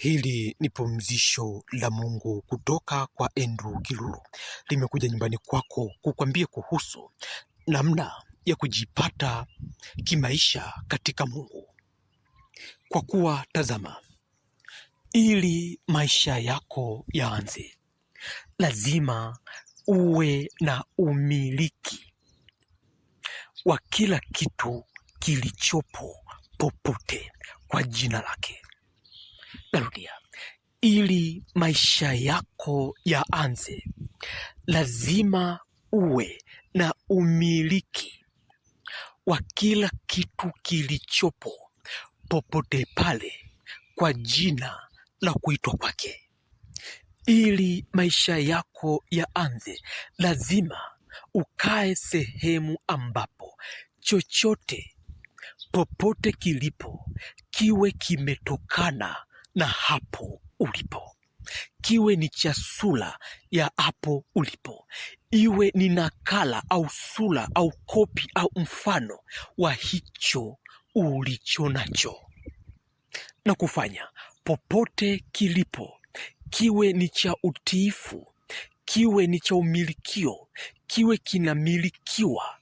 Hili ni pumzisho la Mungu kutoka kwa Andrew Kiluru, limekuja nyumbani kwako kukwambia kuhusu namna ya kujipata kimaisha katika Mungu. Kwa kuwa tazama, ili maisha yako yaanze, lazima uwe na umiliki wa kila kitu kilichopo popote kwa jina lake. Narudia, ili maisha yako yaanze, lazima uwe na umiliki wa kila kitu kilichopo popote pale kwa jina la kuitwa kwake. Ili maisha yako yaanze, lazima ukae sehemu ambapo chochote popote kilipo kiwe kimetokana na hapo ulipo kiwe ni cha sura ya hapo ulipo, iwe ni nakala au sura au kopi au mfano wa hicho ulicho nacho, na kufanya popote kilipo kiwe ni cha utiifu, kiwe ni cha umilikio, kiwe kinamilikiwa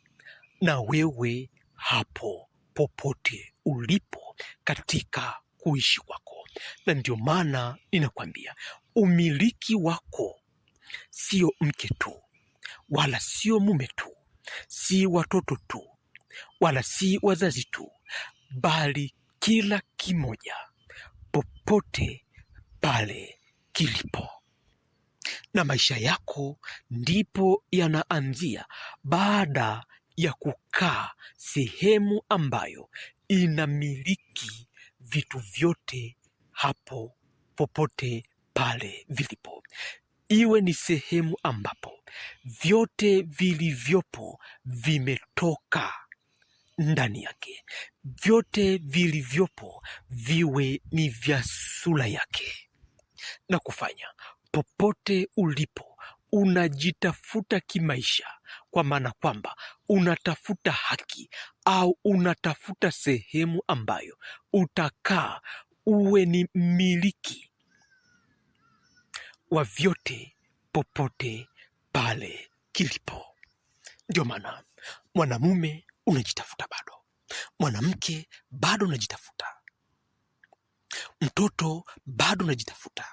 na wewe hapo popote ulipo katika kuishi kwako na ndio maana ninakwambia umiliki wako sio mke tu, wala sio mume tu, si watoto tu, wala si wazazi tu, bali kila kimoja popote pale kilipo na maisha yako ndipo yanaanzia baada ya kukaa sehemu ambayo inamiliki vitu vyote hapo popote pale vilipo, iwe ni sehemu ambapo vyote vilivyopo vimetoka ndani yake, vyote vilivyopo viwe ni vya sura yake, na kufanya popote ulipo unajitafuta kimaisha, kwa maana kwamba unatafuta haki au unatafuta sehemu ambayo utakaa uwe ni mmiliki wa vyote popote pale kilipo. Ndio maana mwanamume unajitafuta bado, mwanamke bado unajitafuta, mtoto bado unajitafuta,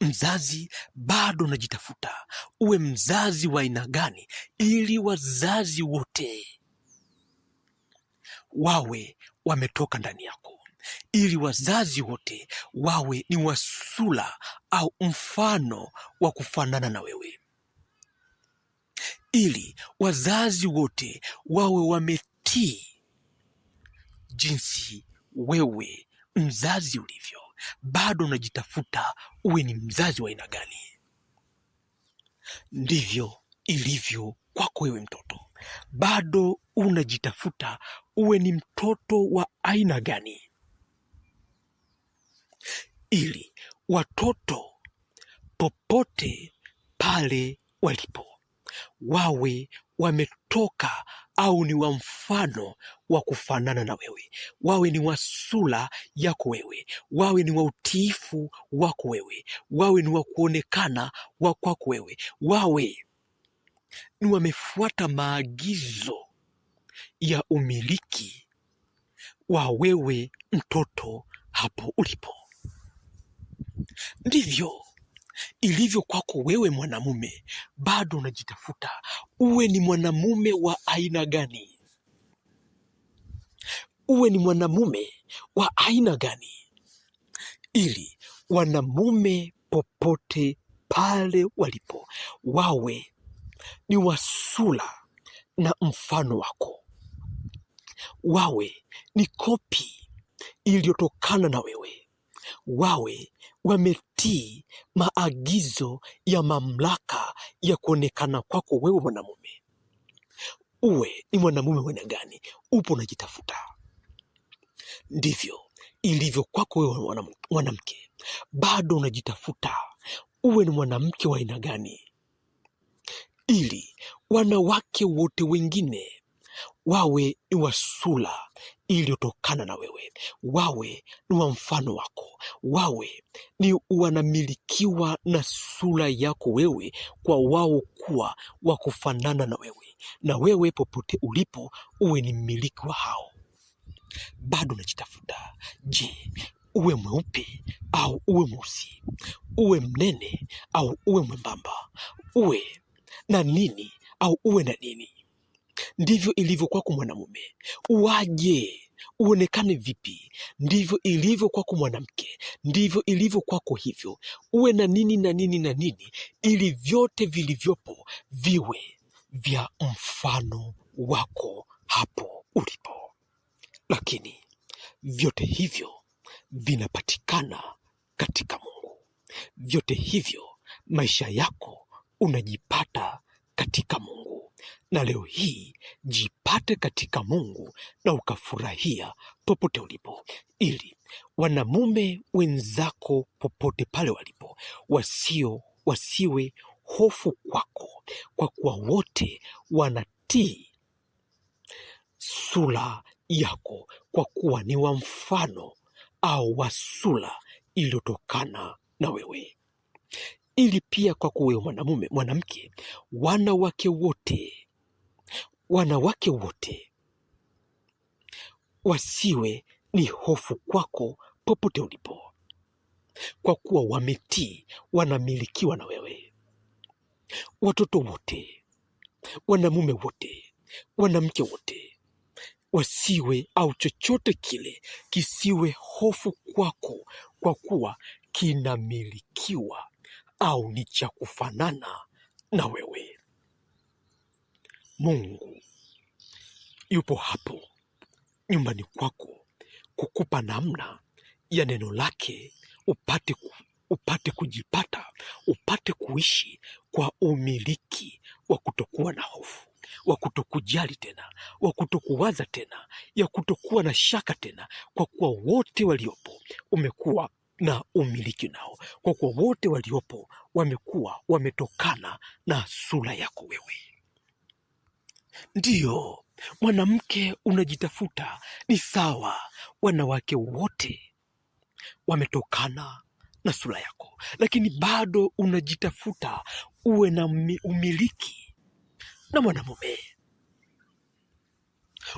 mzazi bado unajitafuta. Uwe mzazi wa aina gani, ili wazazi wote wawe wametoka ndani yako ili wazazi wote wawe ni wasula au mfano wa kufanana na wewe, ili wazazi wote wawe wametii jinsi wewe mzazi ulivyo. Bado unajitafuta uwe ni mzazi wa aina gani? Ndivyo ilivyo kwako wewe mtoto, bado unajitafuta uwe ni mtoto wa aina gani? ili watoto popote pale walipo wawe wametoka au ni wa mfano wa kufanana na wewe, wawe ni wa sura yako wewe, wawe ni wa utiifu wako wewe, wawe ni wa kuonekana wa kwako wewe, wawe ni wamefuata maagizo ya umiliki wa wewe mtoto hapo ulipo. Ndivyo ilivyo kwako wewe mwanamume, bado unajitafuta uwe ni mwanamume wa aina gani, uwe ni mwanamume wa aina gani, ili wanamume popote pale walipo wawe ni wasula na mfano wako, wawe ni kopi iliyotokana na wewe wawe wametii maagizo ya mamlaka ya kuonekana kwako wewe mwanamume. Uwe ni mwanamume wana gani? Upo unajitafuta, ndivyo ilivyo kwako wewe mwanamke, bado unajitafuta. Uwe ni mwanamke wa aina gani, ili wanawake wote wengine wawe ni wa sura iliyotokana na wewe, wawe ni wa mfano wako, wawe ni wanamilikiwa na sura yako wewe, kwa wao kuwa wa kufanana na wewe, na wewe popote ulipo uwe ni mmiliki wa hao. Bado unajitafuta. Je, uwe mweupe au uwe mweusi? Uwe mnene au uwe mwembamba? Uwe na nini au uwe na nini? Ndivyo ilivyo mwanamume, uwaje uonekane vipi, ndivyo ilivyo kwako mwanamke, ndivyo ilivyo kwako. Hivyo uwe na nini na nini na nini, ili vyote vilivyopo viwe vya mfano wako hapo ulipo. Lakini vyote hivyo vinapatikana katika Mungu. Vyote hivyo maisha yako unajipata katika Mungu na leo hii jipate katika Mungu na ukafurahia popote ulipo, ili wanamume wenzako popote pale walipo wasio wasiwe hofu kwako, kwa kuwa wote wanatii sura yako, kwa kuwa ni wa mfano au wa sura iliyotokana na wewe ili pia kwako wewe mwanamume, mwanamke, wanawake wote, wanawake wote wasiwe ni hofu kwako popote ulipo, kwa kuwa wametii, wanamilikiwa na wewe. Watoto wote, wanamume wote, wanamke wote wasiwe au chochote kile kisiwe hofu kwako, kwa kuwa kinamilikiwa au ni cha kufanana na wewe. Mungu yupo hapo nyumbani kwako kukupa namna ya neno lake upate ku, upate kujipata upate kuishi kwa umiliki wa kutokuwa na hofu wa kutokujali tena wa kutokuwaza tena ya kutokuwa na shaka tena, kwa kuwa wote waliopo umekuwa na umiliki nao, kwa kuwa wote waliopo wamekuwa wametokana na sura yako wewe. Ndiyo, mwanamke unajitafuta ni sawa, wanawake wote wametokana na sura yako, lakini bado unajitafuta uwe na umiliki na mwanamume.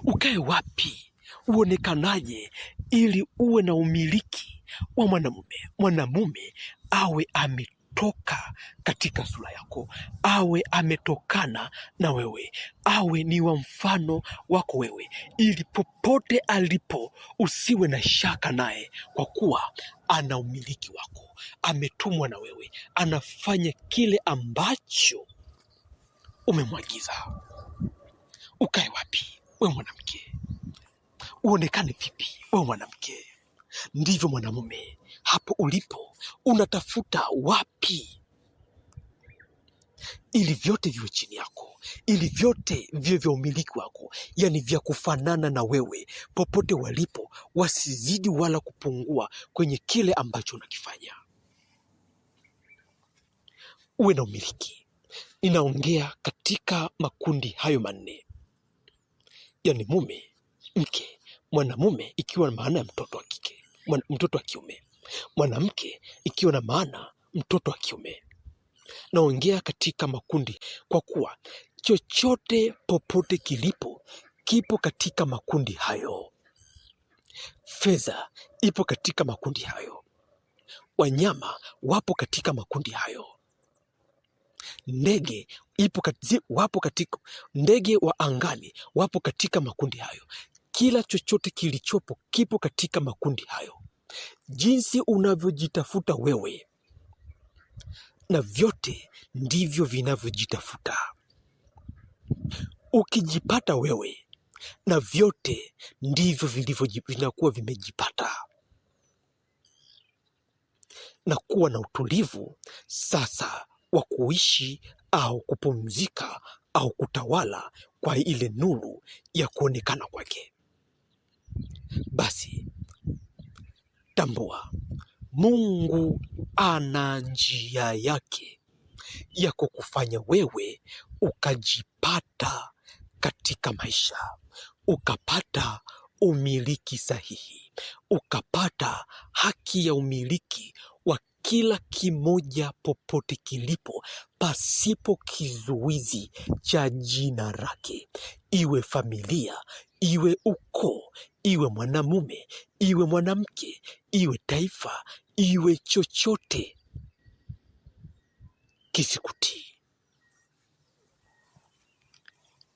Ukae wapi? Uonekanaje ili uwe na umiliki wa mwanamume. Mwanamume awe ametoka katika sura yako, awe ametokana na wewe, awe ni wa mfano wako wewe, ili popote alipo usiwe na shaka naye, kwa kuwa ana umiliki wako, ametumwa na wewe, anafanya kile ambacho umemwagiza. Ukae wapi we mwanamke? Uonekane vipi wewe mwanamke? Ndivyo mwanamume, hapo ulipo unatafuta wapi ili vyote viwe chini yako, ili vyote viwe vya umiliki wako, yaani vya kufanana na wewe. Popote walipo, wasizidi wala kupungua kwenye kile ambacho unakifanya. Uwe na umiliki. Ninaongea katika makundi hayo manne, yaani mume, mke, mwanamume, ikiwa maana ya mtoto wa kike mtoto wa kiume, mwanamke ikiwa na maana mtoto wa kiume. Naongea katika makundi kwa kuwa chochote popote kilipo kipo katika makundi hayo. Fedha ipo katika makundi hayo, wanyama wapo katika makundi hayo, ndege ipo kati, wapo katika ndege wa angani wapo katika makundi hayo. Kila chochote kilichopo kipo katika makundi hayo jinsi unavyojitafuta wewe na vyote ndivyo vinavyojitafuta. Ukijipata wewe na vyote ndivyo vilivyo vinakuwa vimejipata, na kuwa na utulivu sasa wa kuishi au kupumzika au kutawala kwa ile nuru ya kuonekana kwake basi Tambua, Mungu ana njia yake ya kukufanya wewe ukajipata katika maisha, ukapata umiliki sahihi, ukapata haki ya umiliki wa kila kimoja popote kilipo, pasipo kizuizi cha jina lake, iwe familia, iwe ukoo, iwe mwanamume, iwe mwanamke, iwe taifa, iwe chochote kisikutii.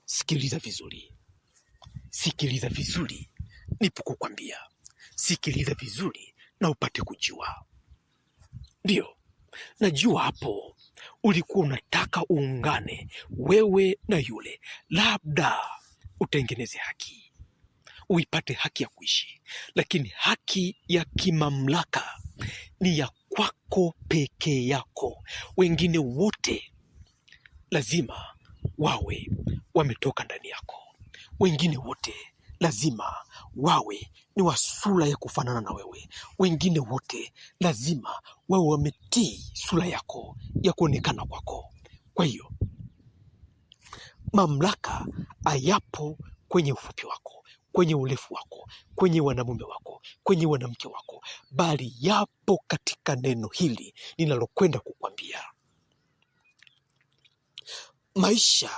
Sikiliza vizuri, sikiliza vizuri nipokukwambia, sikiliza vizuri na upate kujua. Ndio najua hapo ulikuwa unataka uungane wewe na yule labda utengeneze haki, uipate haki ya kuishi, lakini haki ya kimamlaka ni ya kwako peke yako. Wengine wote lazima wawe wametoka ndani yako, wengine wote lazima wawe ni wa sura ya kufanana na wewe, wengine wote lazima wawe wametii sura yako ya kuonekana kwako. Kwa hiyo mamlaka ayapo kwenye ufupi wako, kwenye urefu wako, kwenye wanamume wako, kwenye wanamke wako, bali yapo katika neno hili ninalokwenda kukwambia. Maisha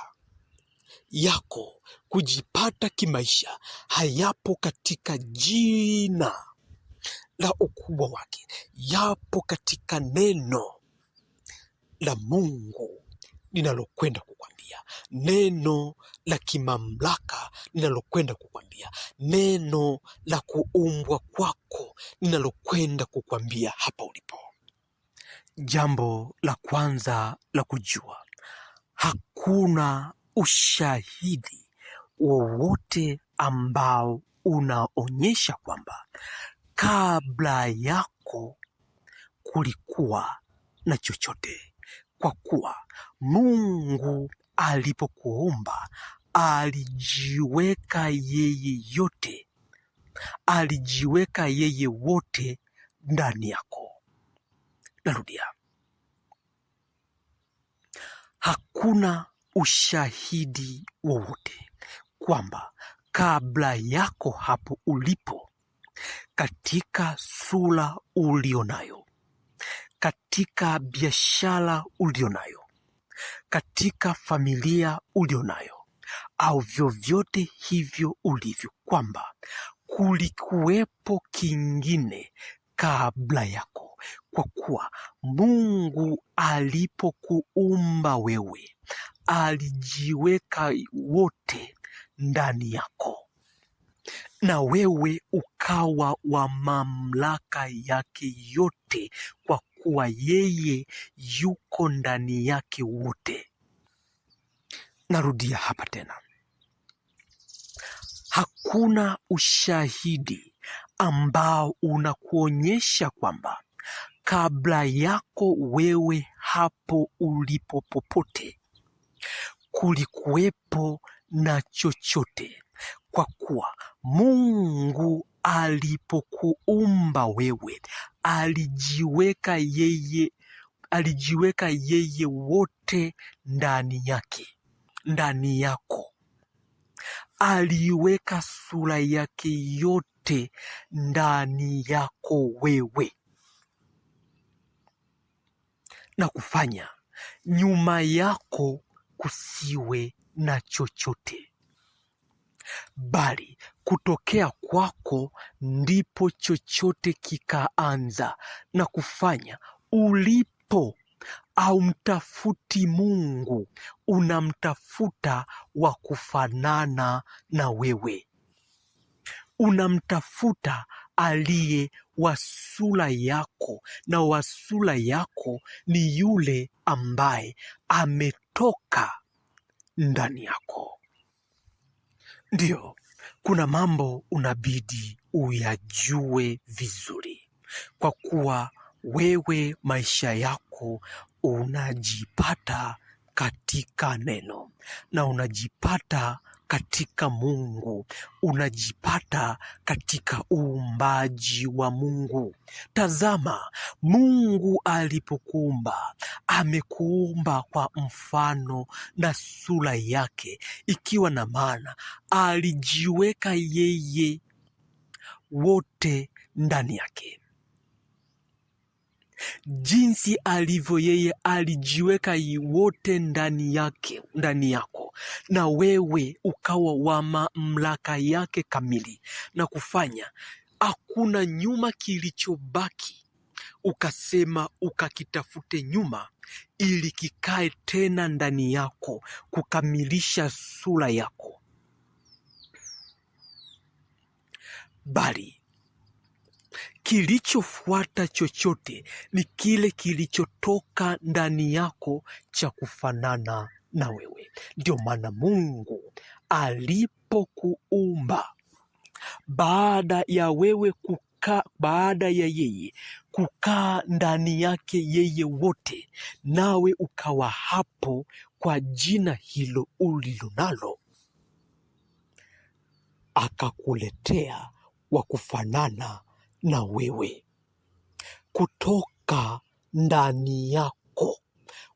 yako kujipata kimaisha hayapo katika jina la ukubwa wake, yapo katika neno la Mungu ninalokwenda kukwambia, neno la kimamlaka ninalokwenda kukwambia, neno la kuumbwa kwako ninalokwenda kukwambia hapa ulipo. Jambo la kwanza la kujua, hakuna ushahidi wowote ambao unaonyesha kwamba kabla yako kulikuwa na chochote, kwa kuwa Mungu alipokuumba alijiweka yeye yote, alijiweka yeye wote ndani yako. Narudia, hakuna ushahidi wowote kwamba kabla yako hapo ulipo, katika sura ulionayo, katika biashara ulionayo katika familia ulionayo au vyovyote hivyo ulivyo, kwamba kulikuwepo kingine kabla yako, kwa kuwa Mungu alipokuumba wewe alijiweka wote ndani yako na wewe ukawa wa mamlaka yake yote, kwa kuwa yeye yuko ndani yake wote. Narudia hapa tena, hakuna ushahidi ambao unakuonyesha kwamba kabla yako wewe hapo ulipo popote kulikuwepo na chochote kwa kuwa Mungu alipokuumba wewe alijiweka yeye, alijiweka yeye wote ndani yake, ndani yako aliweka sura yake yote ndani yako wewe na kufanya nyuma yako kusiwe na chochote bali kutokea kwako ndipo chochote kikaanza na kufanya ulipo aumtafuti Mungu, unamtafuta wa kufanana na wewe, unamtafuta aliye wa sura yako, na wa sura yako ni yule ambaye ametoka ndani yako. Ndiyo, kuna mambo unabidi uyajue vizuri, kwa kuwa wewe maisha yako unajipata katika neno na unajipata katika Mungu, unajipata katika uumbaji wa Mungu. Tazama, Mungu alipokuumba amekuumba kwa mfano na sura yake, ikiwa na maana alijiweka yeye wote ndani yake jinsi alivyo yeye, alijiweka wote ndani yake, ndani yako, na wewe ukawa wa mamlaka yake kamili, na kufanya hakuna nyuma kilichobaki ukasema ukakitafute nyuma ili kikae tena ndani yako kukamilisha sura yako, bali Kilichofuata chochote ni kile kilichotoka ndani yako cha kufanana na wewe. Ndio maana Mungu alipokuumba baada ya wewe kukaa, baada ya yeye kukaa ndani yake yeye wote, nawe ukawa hapo kwa jina hilo ulilonalo, akakuletea wa kufanana na wewe kutoka ndani yako,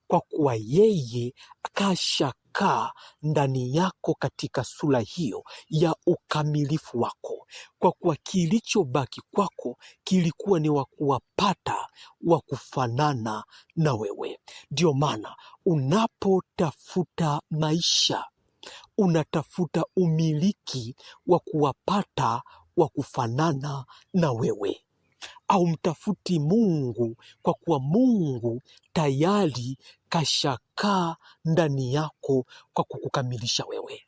kwa kuwa yeye akashakaa ndani yako katika sura hiyo ya ukamilifu wako, kwa kuwa kilichobaki kwako kilikuwa ni wa kuwapata wa kufanana na wewe. ndio maana unapotafuta maisha unatafuta umiliki wa kuwapata wa kufanana na wewe au mtafuti Mungu kwa kuwa Mungu tayari kashakaa ndani yako kwa kukukamilisha wewe.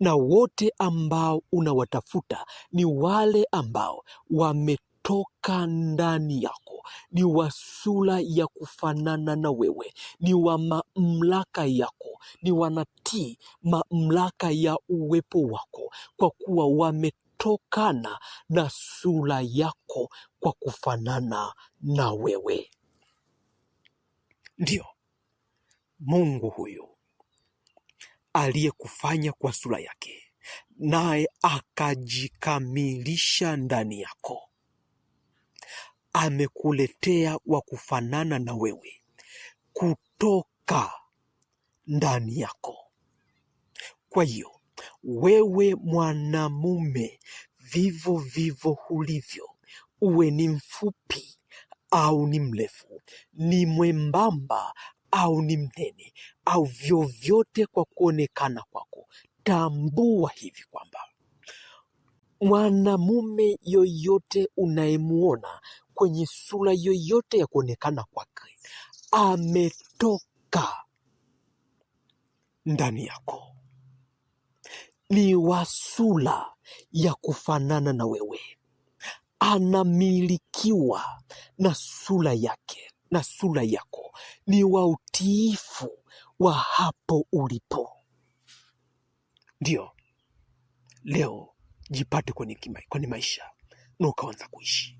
Na wote ambao unawatafuta ni wale ambao wametoka ndani yako, ni wa sura ya kufanana na wewe, ni wa mamlaka yako, ni wanatii mamlaka ya uwepo wako, kwa kuwa wame kutokana na sura yako kwa kufanana na wewe. ndio Mungu huyu aliyekufanya kwa sura yake, naye akajikamilisha ndani yako, amekuletea wa kufanana na wewe kutoka ndani yako. Kwa hiyo wewe mwanamume, vivyo vivyo ulivyo, uwe ni mfupi au ni mrefu, ni mwembamba au ni mnene, au vyovyote kwa kuonekana kwako, tambua hivi kwamba mwanamume yoyote unayemwona kwenye sura yoyote ya kuonekana kwake ametoka ndani yako ni wa sura ya kufanana na wewe, anamilikiwa na sura yake na sura yako, ni wa utiifu wa hapo ulipo. ndio leo jipate kwenye, kwenye maisha na ukaanza kuishi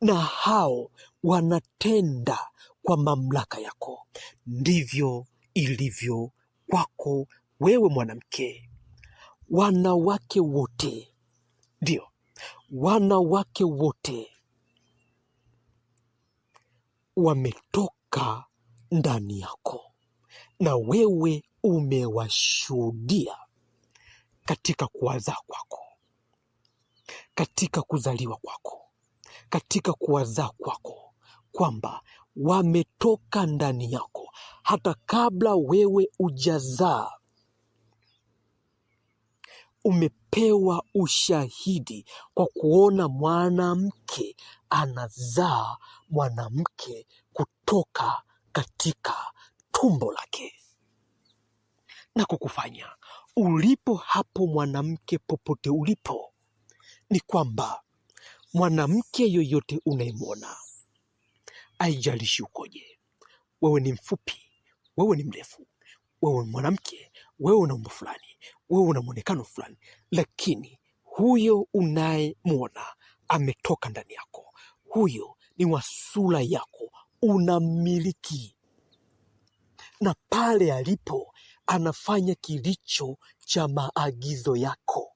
na hao wanatenda kwa mamlaka yako. Ndivyo ilivyo kwako wewe mwanamke, wanawake wote, ndio wanawake wote wametoka ndani yako, na wewe umewashuhudia katika kuwazaa kwako, katika kuzaliwa kwako, katika kuwazaa kwako, kwamba wametoka ndani yako hata kabla wewe hujazaa umepewa ushahidi kwa kuona mwanamke anazaa mwanamke kutoka katika tumbo lake na kukufanya ulipo hapo, mwanamke, popote ulipo, ni kwamba mwanamke yoyote unayemwona, aijalishi ukoje, wewe ni mfupi, wewe ni mrefu, wewe ni mwanamke, wewe una umbo fulani, wewe una mwonekano fulani, lakini huyo unayemwona ametoka ndani yako, huyo ni wa sura yako, unamiliki na pale alipo anafanya kilicho cha maagizo yako,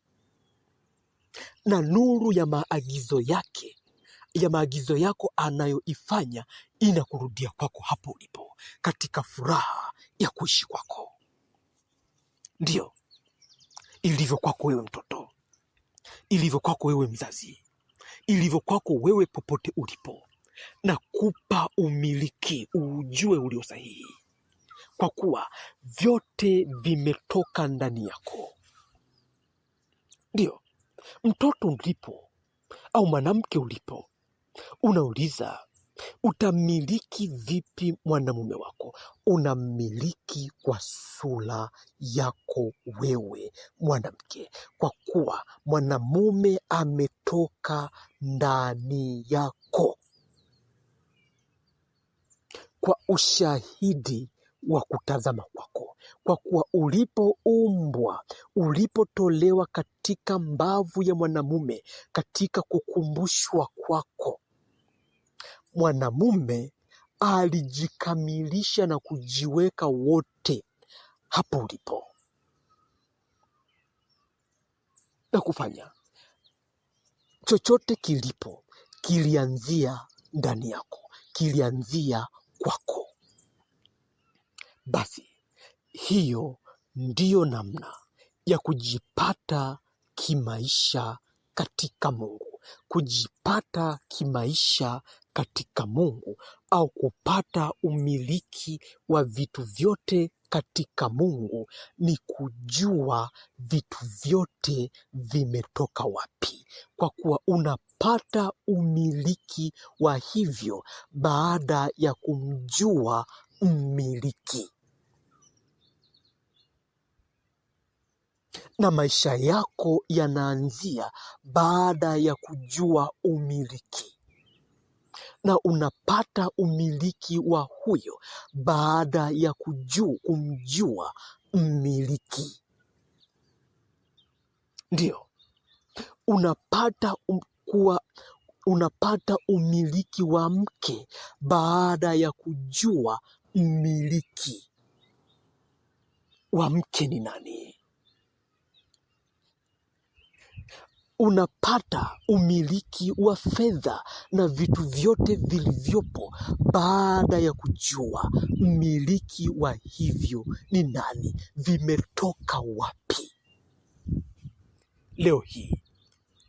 na nuru ya maagizo yake ya maagizo yako anayoifanya inakurudia kwako hapo ulipo, katika furaha ya kuishi kwako. Ndiyo ilivyo kwako wewe mtoto, ilivyo kwako wewe mzazi, ilivyo kwako wewe popote ulipo, na kupa umiliki uujue ulio sahihi, kwa kuwa vyote vimetoka ndani yako. Ndiyo mtoto ulipo au mwanamke ulipo, unauliza Utamiliki vipi mwanamume wako? Unamiliki kwa sura yako wewe mwanamke, kwa kuwa mwanamume ametoka ndani yako, kwa ushahidi wa kutazama kwako, kwa kuwa ulipoumbwa, ulipotolewa katika mbavu ya mwanamume, katika kukumbushwa kwako mwanamume alijikamilisha na kujiweka wote hapo ulipo na kufanya chochote kilipo, kilianzia ndani yako, kilianzia kwako. Basi hiyo ndiyo namna ya kujipata kimaisha katika Mungu kujipata kimaisha katika Mungu au kupata umiliki wa vitu vyote katika Mungu ni kujua vitu vyote vimetoka wapi, kwa kuwa unapata umiliki wa hivyo baada ya kumjua mmiliki. na maisha yako yanaanzia baada ya kujua umiliki, na unapata umiliki wa huyo baada ya kujua kumjua mmiliki. ndio unapata um, kuwa unapata umiliki wa mke baada ya kujua mmiliki wa mke ni nani. unapata umiliki wa fedha na vitu vyote vilivyopo baada ya kujua mmiliki wa hivyo ni nani, vimetoka wapi. Leo hii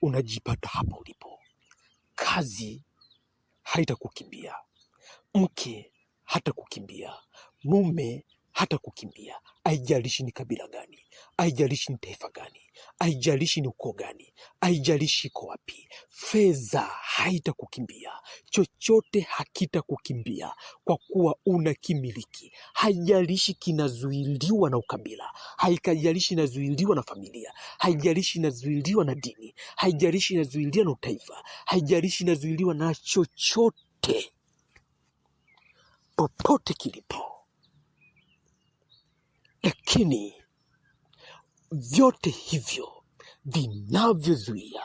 unajipata hapo ulipo. Kazi haitakukimbia, mke hatakukimbia, mume hata kukimbia. Haijalishi ni kabila gani, haijalishi ni taifa gani, haijalishi ni ukoo gani, haijalishi iko wapi. Fedha haitakukimbia, chochote hakitakukimbia kwa kuwa una kimiliki. Haijalishi kinazuiliwa na ukabila, haikajalishi inazuiliwa na familia, haijalishi inazuiliwa na dini, haijalishi inazuiliwa na utaifa, haijalishi inazuiliwa na chochote, popote kilipo lakini vyote hivyo vinavyozuia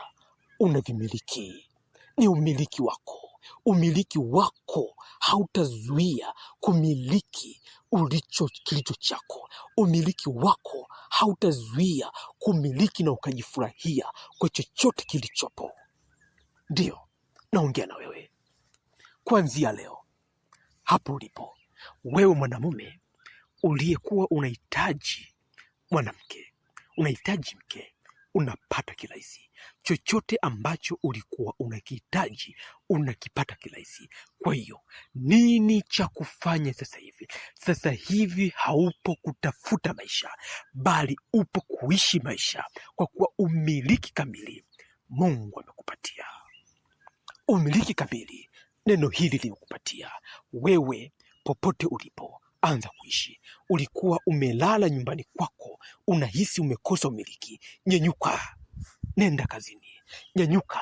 unavimiliki, ni umiliki wako. Umiliki wako hautazuia kumiliki ulicho kilicho chako. Umiliki wako hautazuia kumiliki na ukajifurahia kwa chochote kilichopo. Ndiyo naongea na wewe kuanzia leo hapo ulipo wewe mwanamume uliyekuwa unahitaji mwanamke, unahitaji mke, unapata kirahisi. Chochote ambacho ulikuwa unakihitaji unakipata kirahisi. Kwa hiyo nini cha kufanya sasa hivi? Sasa hivi haupo kutafuta maisha, bali upo kuishi maisha, kwa kuwa umiliki kamili Mungu amekupatia umiliki kamili. Neno hili limekupatia wewe, popote ulipo anza kuishi. Ulikuwa umelala nyumbani kwako, unahisi umekosa umiliki. Nyenyuka, nenda kazini. Nyanyuka,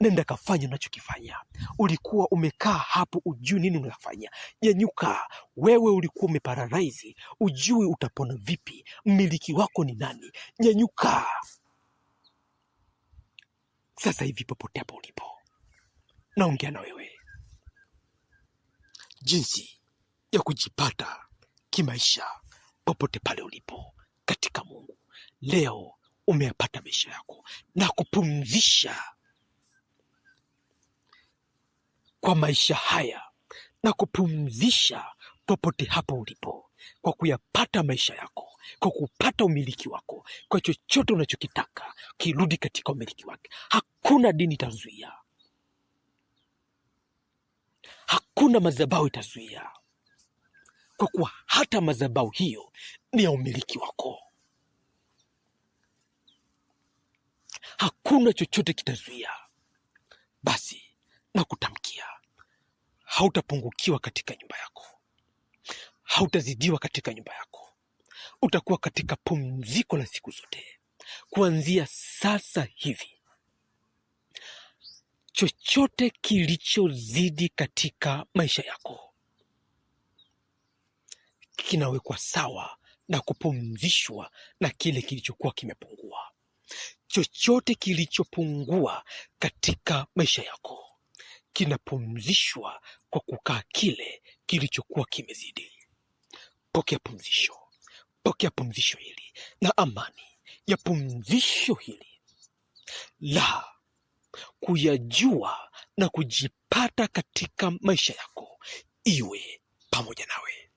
nenda kafanya unachokifanya. Ulikuwa umekaa hapo, ujui nini unafanya. Nyanyuka wewe, ulikuwa umeparalaizi, ujui utapona vipi, mmiliki wako ni nani? Nyanyuka sasa hivi, popote hapo ulipo, naongea na wewe jinsi ya kujipata kimaisha popote pale ulipo katika Mungu. Leo umeyapata maisha yako na kupumzisha kwa maisha haya na kupumzisha popote hapo ulipo kwa kuyapata maisha yako, kwa kupata umiliki wako, kwa chochote unachokitaka kirudi katika umiliki wake. Hakuna dini itazuia, hakuna madhabahu itazuia, kwa kuwa hata madhabahu hiyo ni ya umiliki wako. Hakuna chochote kitazuia. Basi nakutamkia, hautapungukiwa katika nyumba yako, hautazidiwa katika nyumba yako. Utakuwa katika pumziko la siku zote kuanzia sasa hivi. Chochote kilichozidi katika maisha yako kinawekwa sawa na kupumzishwa na kile kilichokuwa kimepungua. Chochote kilichopungua katika maisha yako kinapumzishwa kwa kukaa kile kilichokuwa kimezidi. Pokea pumzisho, pokea pumzisho hili na amani ya pumzisho hili la kuyajua na kujipata katika maisha yako iwe pamoja nawe.